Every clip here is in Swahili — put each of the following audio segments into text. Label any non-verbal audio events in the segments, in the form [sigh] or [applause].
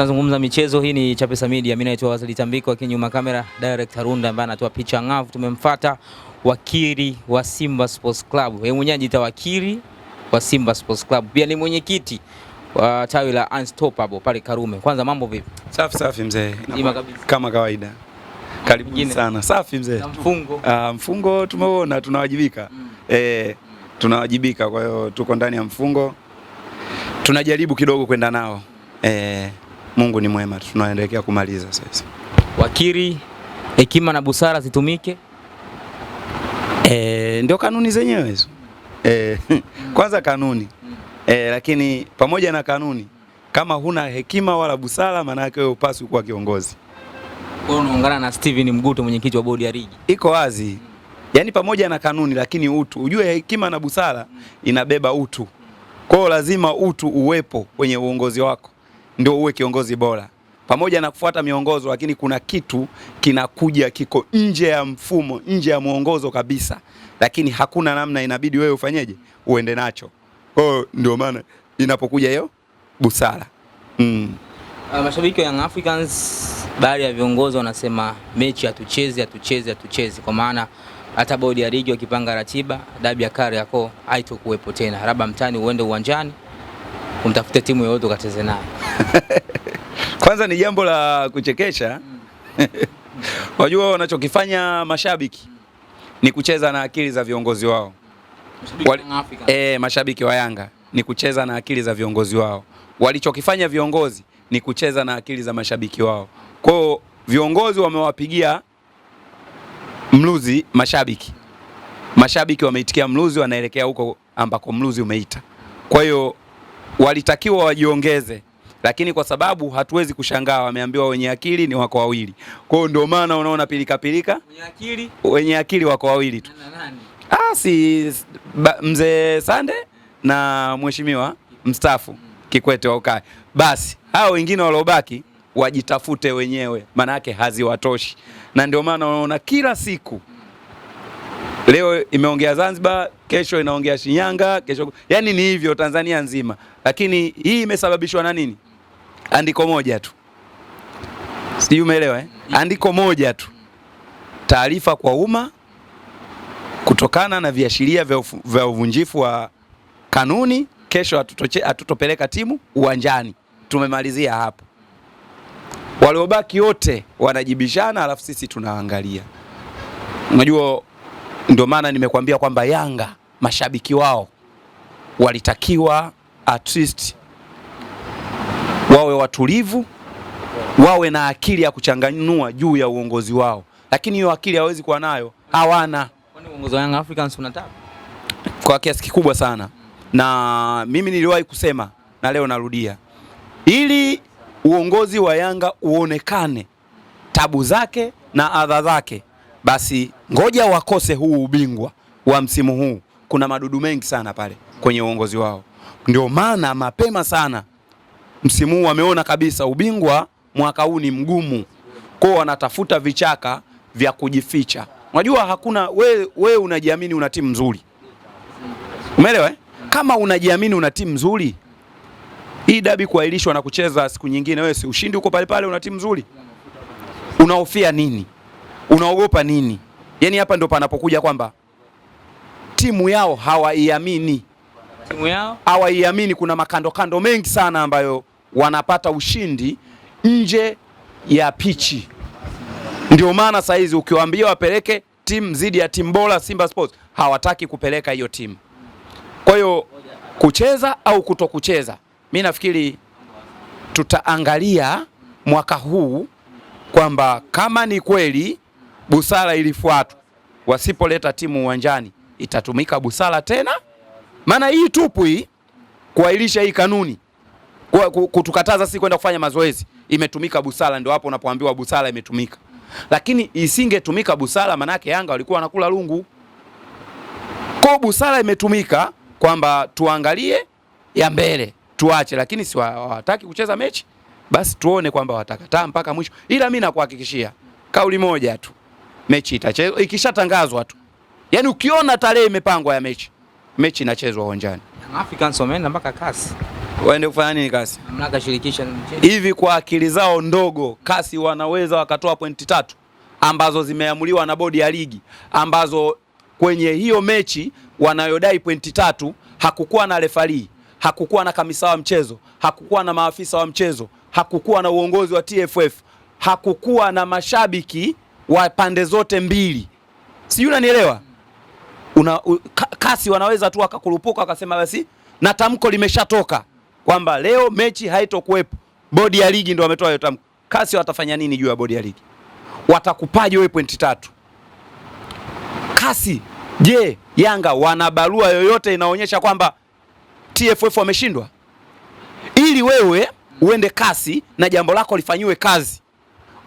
Tunazungumza michezo, hii ni Chapesa Media. Mimi naitwa Wazili Tambiko, akiwa nyuma kamera Direct Runda ambaye anatoa picha ngavu. Tumemfuata wakili wa Simba Sports Club, yeye mwenyewe anajiita wakili wa Simba Sports Club, pia ni mwenyekiti wa tawi la Unstoppable pale Karume. Kwanza mambo vipi? Safi safi mzee, kama kawaida. Karibu sana. Safi mzee. Mfungo, ah, mfungo tumeona tunawajibika mm. Eh, tunawajibika, kwa hiyo tuko ndani ya mfungo tunajaribu kidogo kwenda nao eh. Mungu ni mwema, tunaendelea kumaliza sasa. Wakiri, hekima na busara zitumike. E, ndio kanuni zenyewe hizo e, [laughs] kwanza kanuni e, lakini pamoja na kanuni kama huna hekima wala busara, maana yake wewe upaswi kuwa kiongozi. Unaungana na Steven Mguto, mwenyekiti wa bodi ya ligi. Iko wazi, yaani pamoja na kanuni lakini utu, ujue hekima na busara inabeba utu, kwa hiyo lazima utu uwepo kwenye uongozi wako ndio uwe kiongozi bora pamoja na kufuata miongozo, lakini kuna kitu kinakuja kiko nje ya mfumo, nje ya mwongozo kabisa, lakini hakuna namna, inabidi wewe ufanyeje, uende nacho. Kwa hiyo ndio maana inapokuja hiyo busara mm. Uh, mashabiki wa Young Africans, baadhi ya viongozi wanasema mechi hatuchezi, hatuchezi, hatuchezi, kwa maana hata bodi ya ligi wakipanga ratiba dabi ya Kariakoo haitokuwepo tena, labda mtani uende uwanjani umtafute timu yoyote ukacheze nayo. [laughs] Kwanza ni jambo la kuchekesha [laughs] wajua, wanachokifanya mashabiki ni kucheza na akili za viongozi wao Wali, e, mashabiki wa Yanga ni kucheza na akili za viongozi wao. Walichokifanya viongozi ni kucheza na akili za mashabiki wao. Kwa hiyo viongozi wamewapigia mluzi mashabiki, mashabiki wameitikia mluzi, wanaelekea huko ambako mluzi umeita. Kwa hiyo walitakiwa wajiongeze, lakini kwa sababu hatuwezi kushangaa, wameambiwa wenye akili ni wako wawili. Kwa hiyo ndio maana unaona pilika pilika, wenye akili, wenye akili wako wawili tu, ah, si mzee Sande na mheshimiwa mstaafu Kikwete wa ukae. Basi hao wengine waliobaki wajitafute wenyewe, maana yake haziwatoshi, na ndio maana unaona kila siku leo imeongea Zanzibar kesho inaongea Shinyanga, kesho yani ni hivyo Tanzania nzima. Lakini hii imesababishwa na nini? Andiko moja tu, sijui umeelewa eh? Andiko moja tu, taarifa kwa umma kutokana na viashiria vya uvunjifu wa kanuni, kesho hatutopeleka timu uwanjani. Tumemalizia hapo, waliobaki wote wanajibishana, alafu sisi tunaangalia. Unajua, ndio maana nimekwambia kwamba Yanga mashabiki wao walitakiwa at least wawe watulivu, wawe na akili ya kuchanganua juu ya uongozi wao, lakini hiyo akili hawezi kuwa nayo, hawana. Uongozi wa Young Africans unataka kwa kiasi kikubwa sana, na mimi niliwahi kusema na leo narudia, ili uongozi wa Yanga uonekane tabu zake na adha zake, basi ngoja wakose huu ubingwa wa msimu huu kuna madudu mengi sana pale kwenye uongozi wao. Ndio maana mapema sana msimu huu wameona kabisa ubingwa mwaka huu ni mgumu, kwao wanatafuta vichaka vya kujificha. Unajua hakuna we, we unajiamini una timu nzuri, umeelewa eh? Kama unajiamini una timu nzuri, hii dabi kuahirishwa na kucheza siku nyingine, wewe si ushindi uko pale pale, una timu nzuri, unahofia nini? Unaogopa nini? Yani hapa ndo panapokuja kwamba timu yao hawaiamini, timu yao hawaiamini. Kuna makandokando mengi sana ambayo wanapata ushindi nje ya pichi. Ndio maana saa hizi ukiwaambia wapeleke timu zidi ya timu bora Simba Sports hawataki kupeleka hiyo timu. Kwa hiyo kucheza au kutokucheza mimi mi nafikiri tutaangalia mwaka huu kwamba kama ni kweli busara ilifuatwa, wasipoleta timu uwanjani itatumika busara tena, maana hii tupu hii kuailisha hii kanuni kwa kutukataza si kwenda kufanya mazoezi imetumika busara. Ndio hapo unapoambiwa busara imetumika, lakini isingetumika busara, manake Yanga walikuwa wanakula lungu. Kwa busara imetumika kwamba tuangalie ya mbele tuache, lakini si hawataki kucheza mechi, basi tuone kwamba watakataa mpaka mwisho. Ila mimi nakuhakikishia kauli moja tu, mechi itachezwa ikishatangazwa tu Yaani ukiona tarehe imepangwa ya mechi, mechi inachezwa uwanjani. Africans wameenda mpaka kasi. Waende kufanya nini kasi? Mamlaka shirikisha na mchezo. Hivi kwa akili zao ndogo, kasi wanaweza wakatoa pointi tatu ambazo zimeamuliwa na bodi ya ligi ambazo kwenye hiyo mechi wanayodai pointi tatu hakukuwa na refarii, hakukuwa na kamisa wa mchezo, hakukuwa na maafisa wa mchezo, hakukuwa na uongozi wa TFF, hakukuwa na mashabiki wa pande zote mbili, sijui unanielewa una, u, kasi wanaweza tu wakakurupuka wakasema basi, na tamko limeshatoka kwamba leo mechi haitokuwepo. Bodi ya ligi ndio wametoa hiyo tamko. Kasi watafanya nini juu ya bodi ya ligi? Watakupaje wewe pointi tatu? Kasi, je, Yanga wana barua yoyote inaonyesha kwamba TFF wameshindwa? Ili wewe uende kasi na jambo lako lifanyiwe kazi,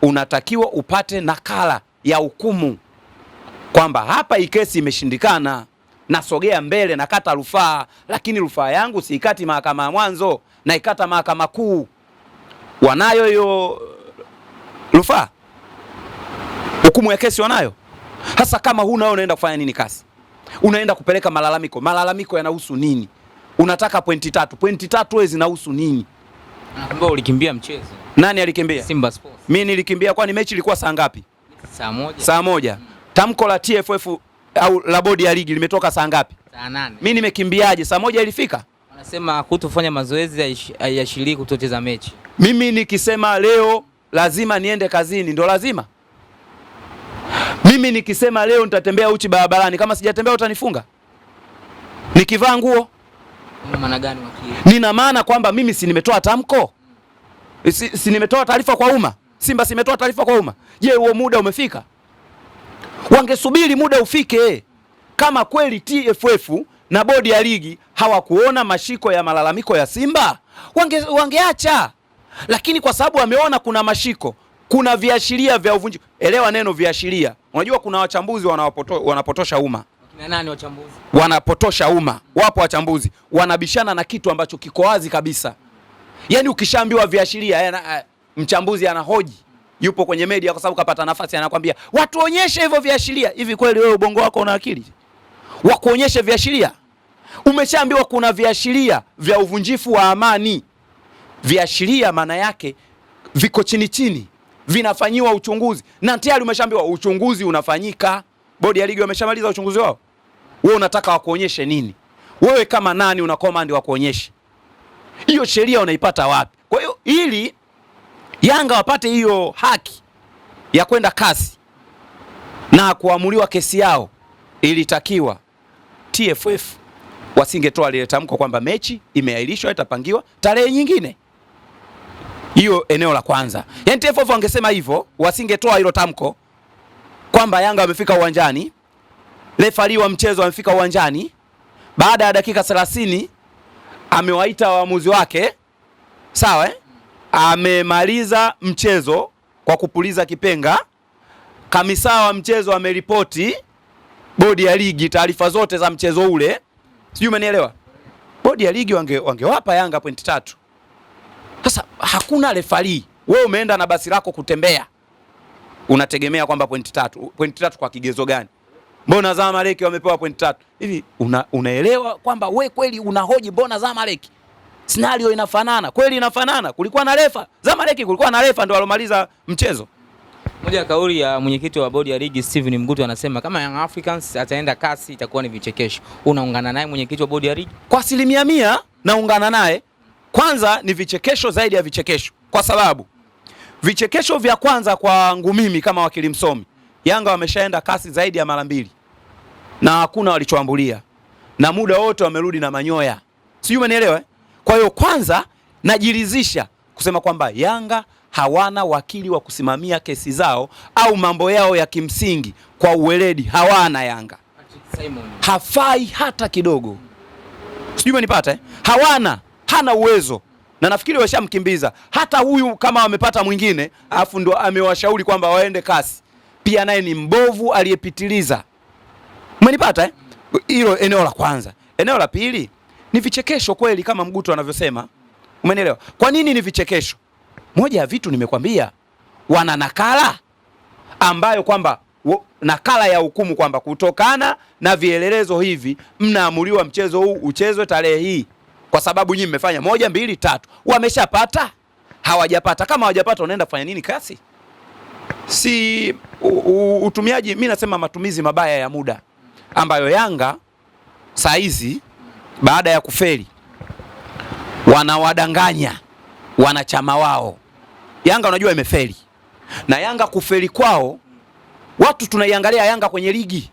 unatakiwa upate nakala ya hukumu kwamba hapa hii kesi imeshindikana, nasogea mbele, nakata rufaa, lakini rufaa yangu siikati mahakama ya mwanzo, naikata mahakama kuu. Wanayo hiyo uh, rufaa, hukumu ya kesi wanayo. Hasa kama huna wewe, unaenda kufanya nini kasi? Unaenda kupeleka malalamiko. Malalamiko yanahusu nini? Unataka pointi tatu, pointi tatu wewe zinahusu nini? Ambao ulikimbia mchezo? Nani alikimbia? Simba Sports. Mimi nilikimbia, kwani mechi ilikuwa saa ngapi? Saa moja. Saa moja. Tamko la TFF au la bodi ya ligi limetoka saa ngapi? Saa nane. Mimi nimekimbiaje? Saa moja ilifika. Wanasema kutofanya mazoezi hayashiriki kutocheza mechi. Mimi nikisema leo lazima niende kazini ndo lazima. Mimi nikisema leo nitatembea uchi barabarani, kama sijatembea utanifunga. Nikivaa nguo nina maana gani wakili? Nina maana kwamba mimi si nimetoa tamko, si, si nimetoa taarifa kwa umma. Simba simetoa taarifa kwa umma. Je, huo muda umefika? wangesubiri muda ufike kama kweli TFF na bodi ya ligi hawakuona mashiko ya malalamiko ya Simba wange, wangeacha, lakini kwa sababu wameona kuna mashiko, kuna viashiria vya uvunji. Elewa neno viashiria. Unajua kuna wachambuzi wanapoto, wanapotosha umma. Kina nani wachambuzi? Wanapotosha umma. Wapo wachambuzi wanabishana na kitu ambacho kiko wazi kabisa, yani ukishaambiwa viashiria, eh, mchambuzi anahoji yupo kwenye media kwa sababu kapata nafasi, anakwambia watuonyeshe onyeshe hivyo viashiria. Hivi kweli wewe ubongo wako una akili wa kuonyesha viashiria? Umeshaambiwa kuna viashiria vya uvunjifu wa amani. Viashiria maana yake viko chini chini, vinafanyiwa uchunguzi na tayari umeshaambiwa uchunguzi unafanyika. Bodi ya ligi wameshamaliza uchunguzi wao, wewe unataka wakuonyeshe nini? Wewe kama nani una command wakuonyeshe hiyo sheria unaipata wapi? Kwa hiyo ili Yanga wapate hiyo haki ya kwenda kasi na kuamuliwa kesi yao. Ilitakiwa TFF wasingetoa lile tamko kwamba mechi imeahirishwa itapangiwa tarehe nyingine. Hiyo eneo la kwanza, yani TFF wangesema hivyo, wasingetoa hilo tamko kwamba Yanga wamefika uwanjani, refari wa mchezo amefika uwanjani, baada ya dakika 30 amewaita waamuzi wake, sawa eh? amemaliza mchezo kwa kupuliza kipenga. Kamisa wa mchezo ameripoti bodi ya ligi taarifa zote za mchezo ule, sijui umenielewa. Bodi ya ligi wange, wangewapa Yanga pointi tatu. Sasa hakuna refari, we umeenda na basi lako kutembea, unategemea kwamba pointi tatu. Pointi tatu kwa kigezo gani? Mbona Zamalek wamepewa pointi tatu hivi? Una, unaelewa kwamba we kweli unahoji mbona Zamalek Scenario inafanana kweli, inafanana. Kulikuwa na refa Zamaleki, kulikuwa na refa ndio alomaliza mchezo. Moja ya kauli ya mwenyekiti wa bodi ya ligi Steven Mgutu anasema kama Young Africans ataenda kasi itakuwa ni vichekesho. Unaungana naye mwenyekiti wa bodi ya ligi? Kwa asilimia mia naungana naye. Kwanza ni vichekesho zaidi ya vichekesho, kwa sababu vichekesho vya kwanza kwangu mimi kama wakili msomi, Yanga wameshaenda kasi zaidi ya mara mbili na hakuna walichoambulia, na muda wote wamerudi na manyoya, sijui umenielewa eh? Kwa hiyo kwanza najiridhisha kusema kwamba Yanga hawana wakili wa kusimamia kesi zao au mambo yao ya kimsingi kwa uweledi. Hawana Yanga Hafai hata kidogo, sijui menipata eh? Hawana, hana uwezo na nafikiri washamkimbiza hata huyu, kama wamepata mwingine alafu ndo amewashauri kwamba waende kasi, pia naye ni mbovu aliyepitiliza. Umenipata eh? Hilo eneo la kwanza. Eneo la pili ni vichekesho kweli, kama Mguto anavyosema. Umenielewa? Kwa nini ni vichekesho? Moja ya vitu nimekwambia, wana nakala ambayo kwamba nakala ya hukumu kwamba kutokana na vielelezo hivi mnaamuriwa mchezo huu uchezwe tarehe hii, kwa sababu nyinyi mmefanya moja, mbili, tatu. Wameshapata? Hawajapata? Kama hawajapata, unaenda kufanya nini kasi? Si u, u, utumiaji, mi nasema matumizi mabaya ya muda ambayo Yanga saizi baada ya kufeli wanawadanganya wanachama wao. Yanga unajua imefeli, na Yanga kufeli kwao, watu tunaiangalia Yanga kwenye ligi.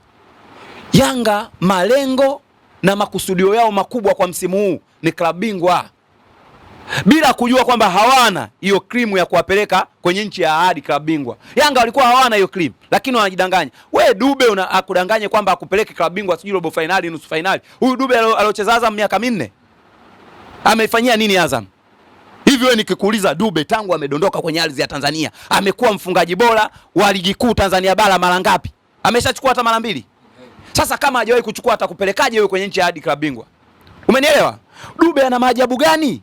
Yanga malengo na makusudio yao makubwa kwa msimu huu ni klabu bingwa bila kujua kwamba hawana hiyo krimu ya kuwapeleka kwenye nchi ya ahadi klabu bingwa. Yanga walikuwa hawana hiyo krimu, lakini wanajidanganya. We Dube una akudanganye kwamba akupeleke klabu bingwa sijui robo fainali, nusu fainali. Huyu Dube aliocheza Azam miaka minne ameifanyia nini Azam? Hivi wewe nikikuuliza, Dube tangu amedondoka kwenye ardhi ya Tanzania amekuwa mfungaji bora wa ligi kuu Tanzania bara mara ngapi? Ameshachukua hata mara mbili. Sasa kama hajawahi kuchukua atakupelekaje wewe kwenye nchi ya ahadi klabu bingwa? Umenielewa? Dube ana maajabu gani?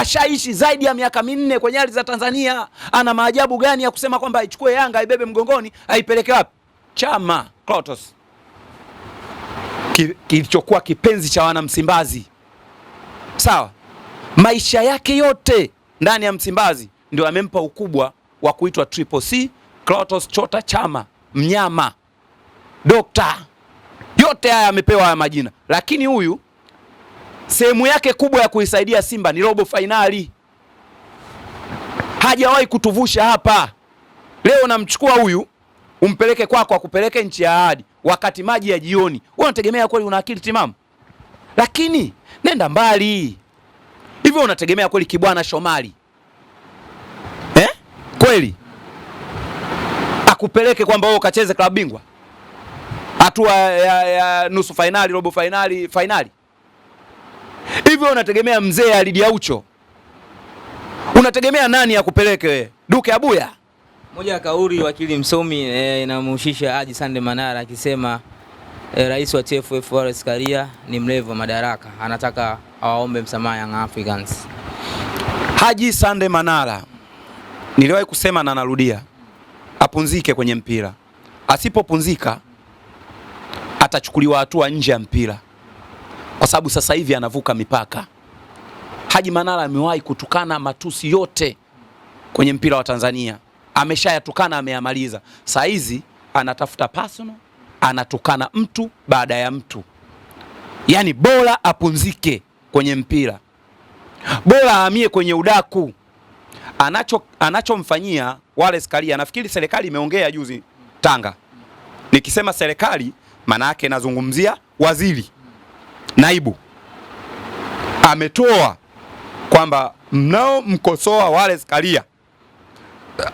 ashaishi zaidi ya miaka minne kwenye ardhi za Tanzania. Ana maajabu gani ya kusema kwamba aichukue Yanga aibebe mgongoni aipeleke wapi? Chama Clatous kilichokuwa kipenzi cha wana Msimbazi, sawa. Maisha yake yote ndani ya Msimbazi ndio amempa ukubwa wa kuitwa Triple C Clatous Chota Chama, mnyama, dokta, yote haya amepewa haya majina, lakini huyu sehemu yake kubwa ya kuisaidia Simba ni robo fainali. Hajawahi kutuvusha hapa. Leo namchukua huyu umpeleke kwako, kwa akupeleke nchi ya ahadi, wakati maji ya jioni. Wewe unategemea kweli una akili timamu? Lakini nenda mbali hivyo, unategemea kweli Kibwana Shomari eh? kweli akupeleke kwamba wewe ukacheze klabu bingwa hatua ya, ya nusu fainali, robo fainali, fainali? Hivyo unategemea mzee alidi aucho? Unategemea nani akupeleke wewe? Duke Abuya? Moja ya kauli wakili msomi e, Haji Sande Manara akisema e, rais wa TFF Wallace Karia ni mlevu wa madaraka, anataka awaombe msamaha Young Africans. Haji Sande Manara niliwahi kusema na narudia, apunzike kwenye mpira. Asipopunzika atachukuliwa hatua nje ya mpira kwa sababu sasa hivi anavuka mipaka. Haji Manara amewahi kutukana matusi yote kwenye mpira wa Tanzania, ameshayatukana ameyamaliza. Saa hizi anatafuta personal, anatukana mtu baada ya mtu. Yaani bora apunzike kwenye mpira, bora ahamie kwenye udaku. Anacho anachomfanyia Wallace Karia, nafikiri serikali imeongea juzi Tanga. Nikisema serikali maana yake nazungumzia waziri naibu ametoa kwamba mnaomkosoa Wallace Karia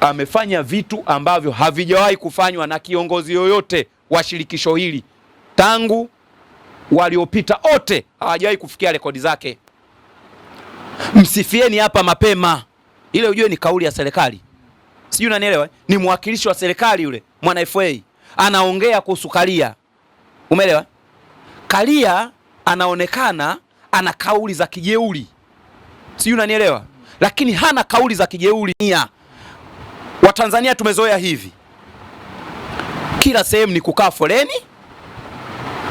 amefanya vitu ambavyo havijawahi kufanywa na kiongozi yoyote wa shirikisho hili tangu waliopita wote, hawajawahi kufikia rekodi zake. Msifieni hapa mapema, ile ujue ni kauli ya serikali, sijui unanielewa. Eh? Ni mwakilishi wa serikali yule mwana FA anaongea kuhusu Karia, umeelewa? Karia anaonekana ana kauli za kijeuri, sijui unanielewa, lakini hana kauli za kijeuri. Watanzania tumezoea hivi, kila sehemu ni kukaa foleni,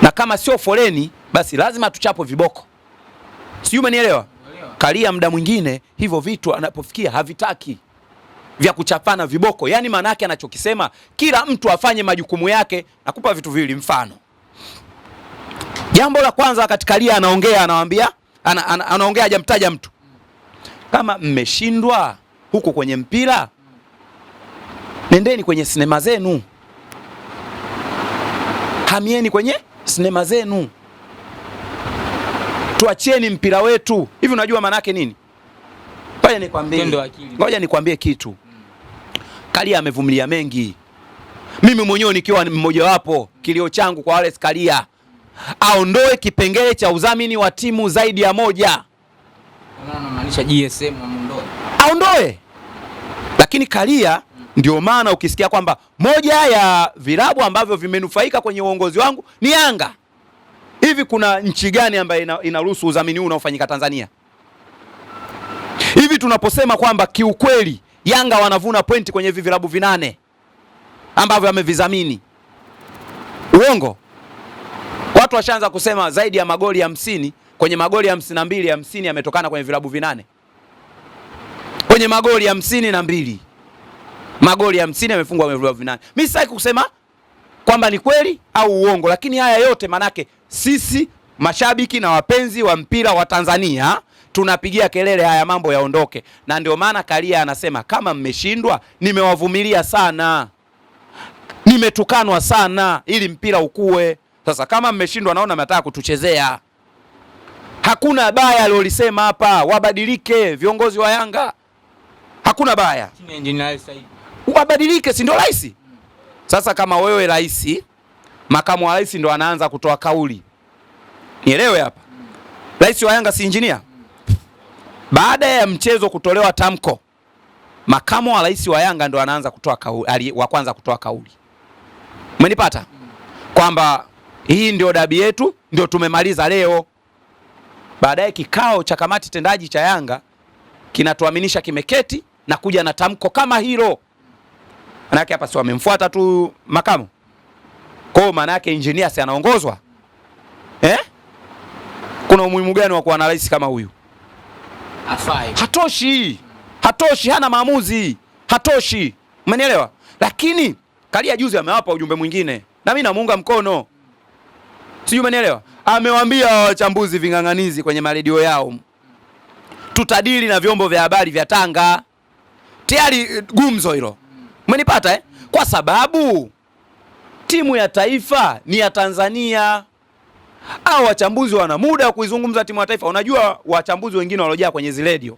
na kama sio foleni basi lazima tuchapo viboko, sijui umenielewa. Kalia muda mwingine hivyo vitu anapofikia havitaki vya kuchapana viboko, yaani maana yake anachokisema kila mtu afanye majukumu yake. Nakupa vitu viwili mfano Jambo la kwanza wakati kalia anaongea anawaambia, ana, ana, anaongea hajamtaja mtu. Kama mmeshindwa huko kwenye mpira, nendeni kwenye sinema zenu, hamieni kwenye sinema zenu, tuachieni mpira wetu. Hivi unajua maana yake nini? Pale nikwambie, ngoja nikwambie kitu. Kalia amevumilia mengi, mimi mwenyewe nikiwa mmojawapo, kilio changu kwa wale Kalia aondoe kipengele cha udhamini wa timu zaidi ya moja, anamaanisha GSM amuondoe, aondoe. Lakini Karia ndio maana ukisikia kwamba moja ya vilabu ambavyo vimenufaika kwenye uongozi wangu ni Yanga. Hivi kuna nchi gani ambayo inaruhusu udhamini huu unaofanyika Tanzania? Hivi tunaposema kwamba kiukweli Yanga wanavuna pointi kwenye hivi vilabu vinane ambavyo amevizamini, uongo? Watu washaanza kusema zaidi ya magoli hamsini kwenye magoli hamsini na mbili hamsini yametokana kwenye vilabu vinane kwenye magoli hamsini na mbili magoli hamsini yamefungwa kwenye vilabu vinane. Mimi sitaki kusema kwamba ni kweli au uongo, lakini haya yote manake sisi mashabiki na wapenzi wa mpira wa Tanzania tunapigia kelele haya mambo yaondoke, na ndio maana Karia anasema kama mmeshindwa, nimewavumilia sana, nimetukanwa sana ili mpira ukue. Sasa kama mmeshindwa, naona mnataka kutuchezea. Hakuna baya alilosema hapa, wabadilike viongozi wa Yanga. Hakuna baya, wabadilike, si ndio rais? Sasa kama wewe rais, makamu wa rais ndo anaanza kutoa kauli, nielewe hapa, rais wa Yanga si injinia? Baada ya mchezo kutolewa tamko, makamu wa rais wa Yanga ndo anaanza kutoa kauli, wa kwanza kutoa kauli, umenipata? kwamba hii ndio dabi yetu, ndio tumemaliza leo. Baadaye kikao cha kamati tendaji cha Yanga kinatuaminisha kimeketi na kuja na tamko kama hilo. Manake hapa si wamemfuata tu makamu maana manake injinia si anaongozwa eh? Kuna umuhimu gani wa kuwa na rais kama huyu? Afai. Hatoshi, hatoshi, hana maamuzi, hatoshi. Umenielewa? Lakini kalia juzi amewapa ujumbe mwingine, na mimi namuunga mkono sijui umenielewa. Amewambia wachambuzi ving'ang'anizi kwenye maredio yao, tutadili na vyombo vya habari vya Tanga. Tayari eh, gumzo hilo, umenipata eh? Kwa sababu timu ya taifa ni ya Tanzania. Hao wachambuzi wana muda wa kuizungumza timu ya taifa. Unajua wachambuzi wengine walojaa kwenye zile redio,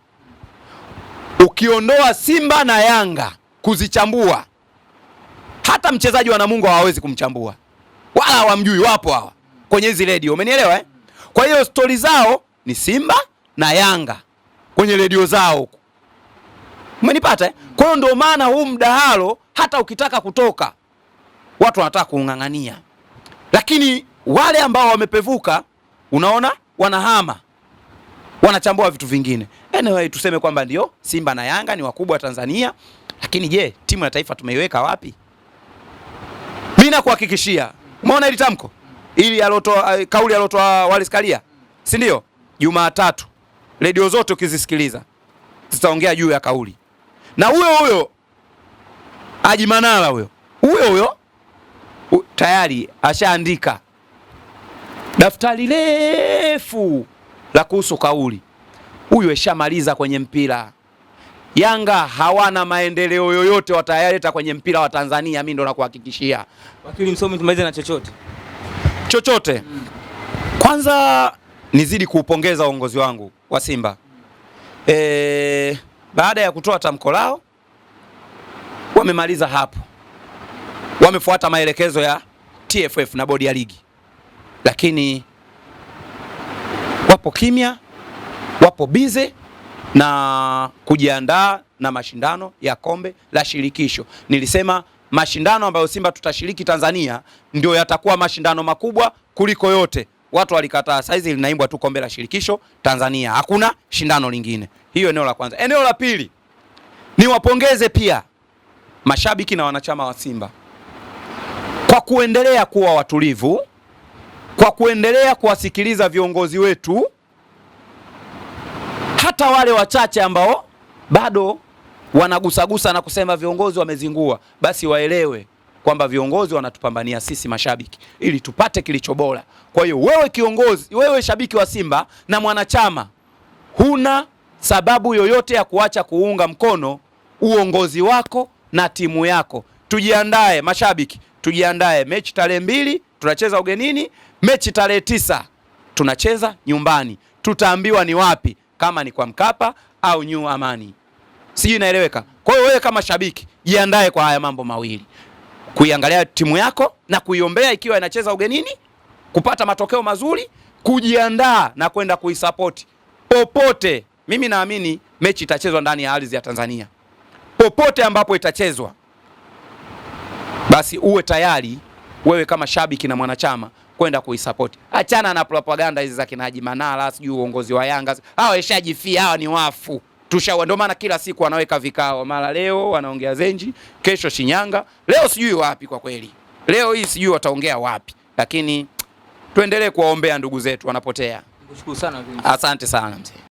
ukiondoa Simba na Yanga kuzichambua, hata mchezaji wa Namungo hawawezi kumchambua wala hawamjui, wapo hawa kwenye hizi redio, umenielewa eh? Kwa hiyo stori zao ni Simba na Yanga kwenye redio zao, umenipata eh? Kwa hiyo ndio maana huu mdahalo hata ukitaka kutoka watu wanataka kuung'ang'ania, lakini wale ambao wamepevuka, unaona wanahama wanachambua vitu vingine. Anyway, tuseme kwamba ndio Simba na Yanga ni wakubwa Tanzania, lakini je, timu ya taifa tumeiweka wapi? Mimi nakuhakikishia, umeona hili tamko ili alotoa eh, kauli alotoa Wallace Karia, si ndio? Jumatatu redio zote ukizisikiliza zitaongea juu ya kauli, na huyo huyo Haji Manara huyo huyo huyo tayari ashaandika daftari refu la kuhusu kauli. Huyu ashamaliza kwenye mpira. Yanga hawana maendeleo yoyote watayaleta kwenye mpira wa Tanzania, mimi ndo nakuhakikishia. Wakili msomi, tumalize na chochote chochote. Kwanza nizidi kuupongeza uongozi wangu wa Simba e, baada ya kutoa tamko lao wamemaliza hapo, wamefuata maelekezo ya TFF na bodi ya ligi, lakini wapo kimya, wapo bize na kujiandaa na mashindano ya kombe la shirikisho. Nilisema mashindano ambayo Simba tutashiriki Tanzania ndio yatakuwa mashindano makubwa kuliko yote. Watu walikataa, saizi linaimbwa tu kombe la shirikisho Tanzania, hakuna shindano lingine. Hiyo eneo la kwanza. Eneo la pili, niwapongeze pia mashabiki na wanachama wa Simba kwa kuendelea kuwa watulivu, kwa kuendelea kuwasikiliza viongozi wetu, hata wale wachache ambao bado wanagusagusa na kusema viongozi wamezingua, basi waelewe kwamba viongozi wanatupambania sisi mashabiki ili tupate kilicho bora. Kwa hiyo wewe kiongozi, wewe shabiki wa Simba na mwanachama, huna sababu yoyote ya kuacha kuunga mkono uongozi wako na timu yako. Tujiandae mashabiki, tujiandae. Mechi tarehe mbili tunacheza ugenini, mechi tarehe tisa tunacheza nyumbani. Tutaambiwa ni wapi, kama ni kwa Mkapa au New Amani. Sijui inaeleweka. Kwa hiyo wewe kama shabiki jiandae kwa haya mambo mawili, kuiangalia timu yako na kuiombea ikiwa inacheza ugenini, kupata matokeo mazuri, kujiandaa na kwenda kuisapoti popote. Mimi naamini mechi itachezwa ndani ya ardhi ya Tanzania, popote ambapo itachezwa, basi uwe tayari wewe kama shabiki na mwanachama kwenda kuisapoti. Achana na propaganda hizi za kina Haji Manara, sijui uongozi wa Yanga, hawa washajifia, hawa ni wafu tushawa. Ndio maana kila siku wanaweka vikao, mara leo wanaongea Zenji, kesho Shinyanga, leo sijui wapi. Kwa kweli leo hii sijui wataongea wapi, lakini tuendelee kuwaombea ndugu zetu wanapotea. Asante sana mzee.